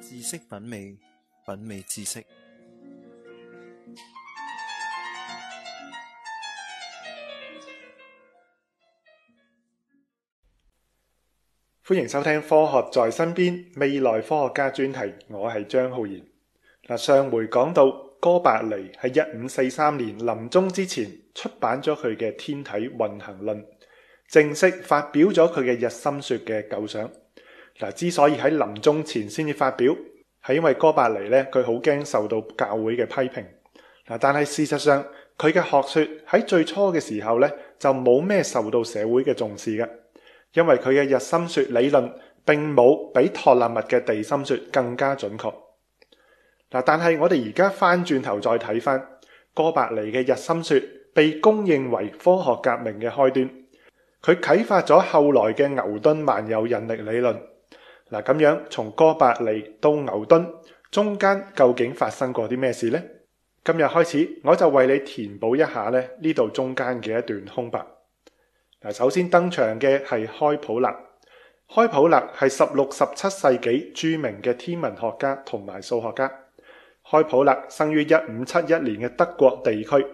知識品味，品味知識。歡迎收聽《科學在身邊》未來科學家專題，我係張浩然。嗱，上回講到哥白尼喺一五四三年臨終之前出版咗佢嘅《天體運行論》，正式發表咗佢嘅日心說嘅構想。嗱，之所以喺臨終前先至發表，係因為哥白尼咧，佢好驚受到教會嘅批評。嗱，但係事實上，佢嘅學說喺最初嘅時候咧，就冇咩受到社會嘅重視嘅，因為佢嘅日心說理論，並冇比托勒密嘅地心說更加準確。嗱，但係我哋而家翻轉頭再睇返，哥白尼嘅日心說被公認為科學革命嘅開端，佢啟發咗後來嘅牛頓萬有引力理論。嗱，咁樣從哥白尼到牛頓，中間究竟發生過啲咩事呢？今日開始，我就為你填補一下呢呢度中間嘅一段空白。嗱，首先登場嘅係開普勒。開普勒係十六、十七世紀著名嘅天文學家同埋數學家。開普勒生於一五七一年嘅德國地區，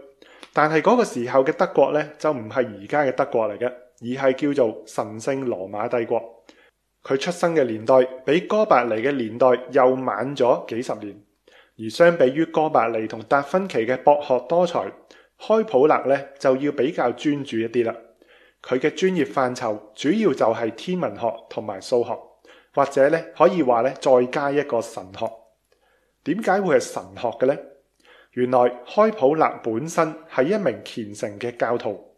但係嗰個時候嘅德國呢，就唔係而家嘅德國嚟嘅，而係叫做神聖羅馬帝國。佢出生嘅年代比哥白尼嘅年代又晚咗幾十年，而相比於哥白尼同達芬奇嘅博學多才，開普勒呢就要比較專注一啲啦。佢嘅專業範疇主要就係天文學同埋數學，或者呢可以話呢再加一個神學。點解會係神學嘅呢？原來開普勒本身係一名虔誠嘅教徒，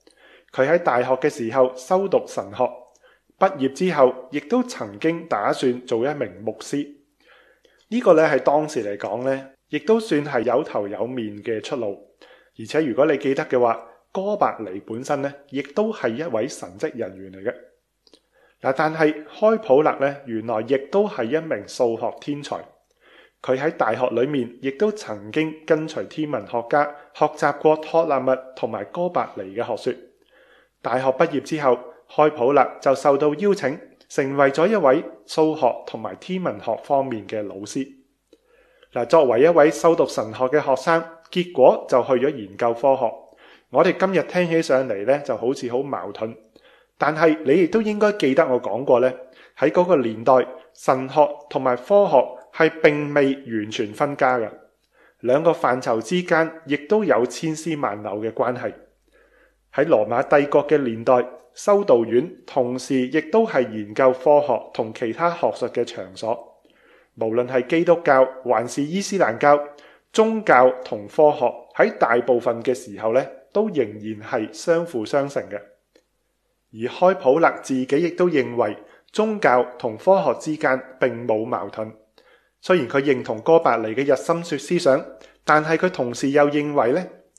佢喺大學嘅時候修讀神學。畢業之後，亦都曾經打算做一名牧師，這個、呢個呢係當時嚟講呢，亦都算係有頭有面嘅出路。而且如果你記得嘅話，哥白尼本身呢，亦都係一位神職人員嚟嘅。嗱，但係開普勒呢，原來亦都係一名數學天才。佢喺大學裏面，亦都曾經跟隨天文學家學習過托勒密同埋哥白尼嘅學說。大學畢業之後，開普勒就受到邀請，成為咗一位數學同埋天文學方面嘅老師。嗱，作為一位修讀神學嘅學生，結果就去咗研究科學。我哋今日聽起上嚟咧，就好似好矛盾。但係你亦都應該記得我講過咧，喺嗰個年代，神學同埋科學係並未完全分家嘅，兩個範疇之間亦都有千絲萬縷嘅關係。喺羅馬帝國嘅年代，修道院同時亦都係研究科學同其他學術嘅場所。無論係基督教還是伊斯蘭教，宗教同科學喺大部分嘅時候咧，都仍然係相輔相成嘅。而開普勒自己亦都認為宗教同科學之間並冇矛盾。雖然佢認同哥白尼嘅日心說思想，但係佢同時又認為咧，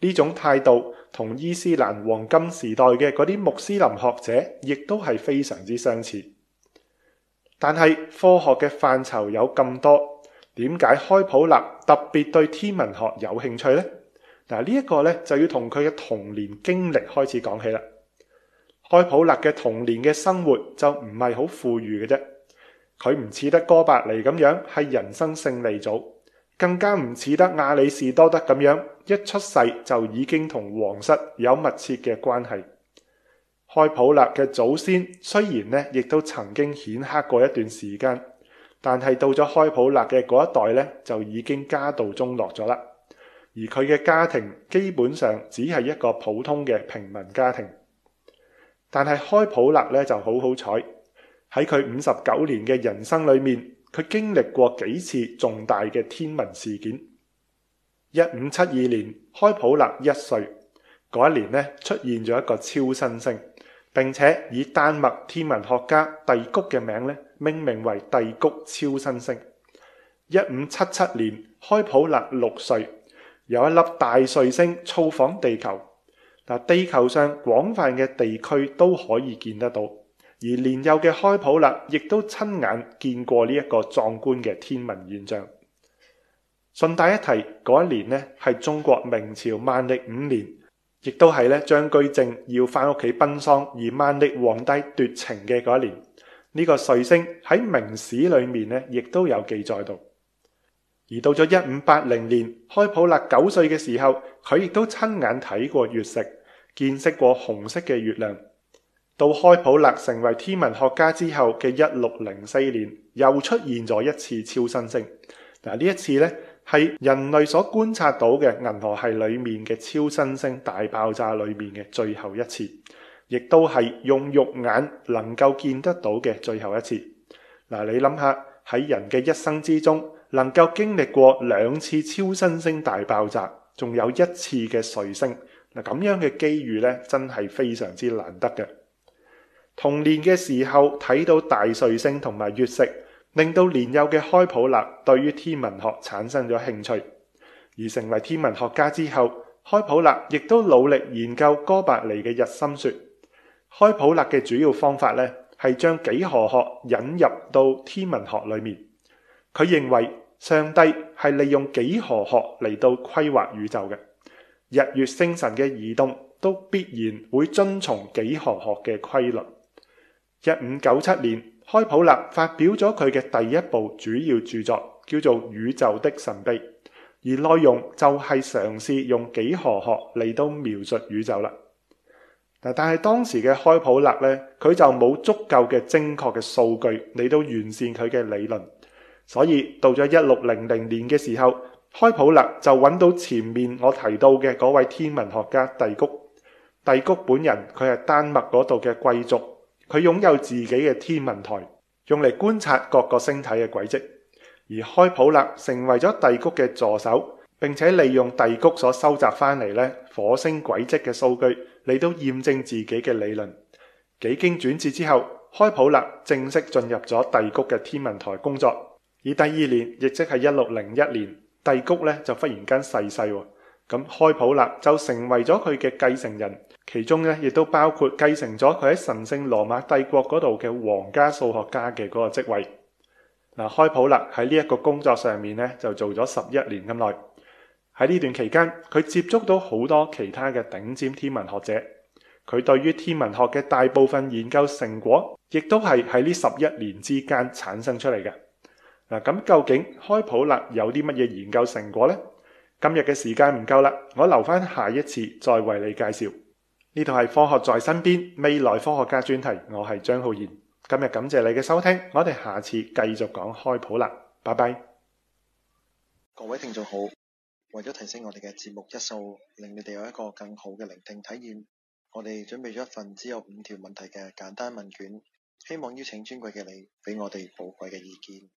呢種態度同伊斯蘭黃金時代嘅嗰啲穆斯林學者亦都係非常之相似。但係科學嘅範疇有咁多，點解開普勒特別對天文學有興趣呢？嗱，呢一個呢，就要同佢嘅童年經歷開始講起啦。開普勒嘅童年嘅生活就唔係好富裕嘅啫，佢唔似得哥白尼咁樣係人生勝利組。更加唔似得亞里士多德咁樣，一出世就已經同皇室有密切嘅關係。開普勒嘅祖先雖然呢亦都曾經顯赫過一段時間，但係到咗開普勒嘅嗰一代呢，就已經家道中落咗啦。而佢嘅家庭基本上只係一個普通嘅平民家庭。但係開普勒呢就好好彩，喺佢五十九年嘅人生裏面，佢經歷過幾次重大嘅天文事件。一五七二年，開普勒一歲，嗰一年呢出現咗一個超新星，並且以丹麥天文學家蒂谷嘅名呢命名為蒂谷超新星。一五七七年，開普勒六歲，有一粒大彗星造訪地球，嗱，地球上廣泛嘅地區都可以見得到。而年幼嘅開普勒亦都親眼見過呢一個壯觀嘅天文現象。順帶一提，嗰一年呢係中國明朝萬曆五年，亦都係呢張居正要翻屋企奔喪而萬曆皇帝奪情嘅嗰一年。呢個瑞星喺明史裏面呢亦都有記載到。而到咗一五八零年，開普勒九歲嘅時候，佢亦都親眼睇過月食，見識過紅色嘅月亮。到開普勒成為天文學家之後嘅一六零四年，又出現咗一次超新星。嗱，呢一次呢係人類所觀察到嘅銀河系裏面嘅超新星大爆炸裏面嘅最後一次，亦都係用肉眼能夠見得到嘅最後一次。嗱，你諗下喺人嘅一生之中，能夠經歷過兩次超新星大爆炸，仲有一次嘅彗星，嗱咁樣嘅機遇呢，真係非常之難得嘅。童年嘅時候睇到大彗星同埋月食，令到年幼嘅開普勒對於天文學產生咗興趣。而成為天文學家之後，開普勒亦都努力研究哥白尼嘅日心說。開普勒嘅主要方法呢，係將幾何學引入到天文學裏面。佢認為上帝係利用幾何學嚟到規劃宇宙嘅，日月星辰嘅移動都必然會遵從幾何學嘅規律。一五九七年，開普勒發表咗佢嘅第一部主要著作，叫做《宇宙的神秘》，而內容就係嘗試用幾何學嚟到描述宇宙啦。但係當時嘅開普勒呢，佢就冇足夠嘅精確嘅數據嚟到完善佢嘅理論，所以到咗一六零零年嘅時候，開普勒就揾到前面我提到嘅嗰位天文學家帝谷。帝谷本人，佢係丹麥嗰度嘅貴族。佢擁有自己嘅天文台，用嚟觀察各個星體嘅軌迹。而開普勒成為咗帝谷嘅助手，並且利用帝谷所收集翻嚟呢火星軌迹嘅數據，嚟到驗證自己嘅理論。幾經轉折之後，開普勒正式進入咗帝谷嘅天文台工作。而第二年，亦即係一六零一年，帝谷咧就忽然間逝世,世。咁開普勒就成為咗佢嘅繼承人，其中咧亦都包括繼承咗佢喺神聖羅馬帝國嗰度嘅皇家數學家嘅嗰個職位。嗱，開普勒喺呢一個工作上面咧就做咗十一年咁耐。喺呢段期間，佢接觸到好多其他嘅頂尖天文學者，佢對於天文學嘅大部分研究成果，亦都係喺呢十一年之間產生出嚟嘅。嗱，咁究竟開普勒有啲乜嘢研究成果呢？今日嘅時間唔夠啦，我留翻下一次再為你介紹。呢度係科學在身邊未來科學家專題，我係張浩然。今日感謝你嘅收聽，我哋下次繼續講開普勒啦。拜拜。各位聽眾好，為咗提升我哋嘅節目質素，令你哋有一個更好嘅聆聽體驗，我哋準備咗一份只有五條問題嘅簡單問卷，希望邀請尊貴嘅你俾我哋寶貴嘅意見。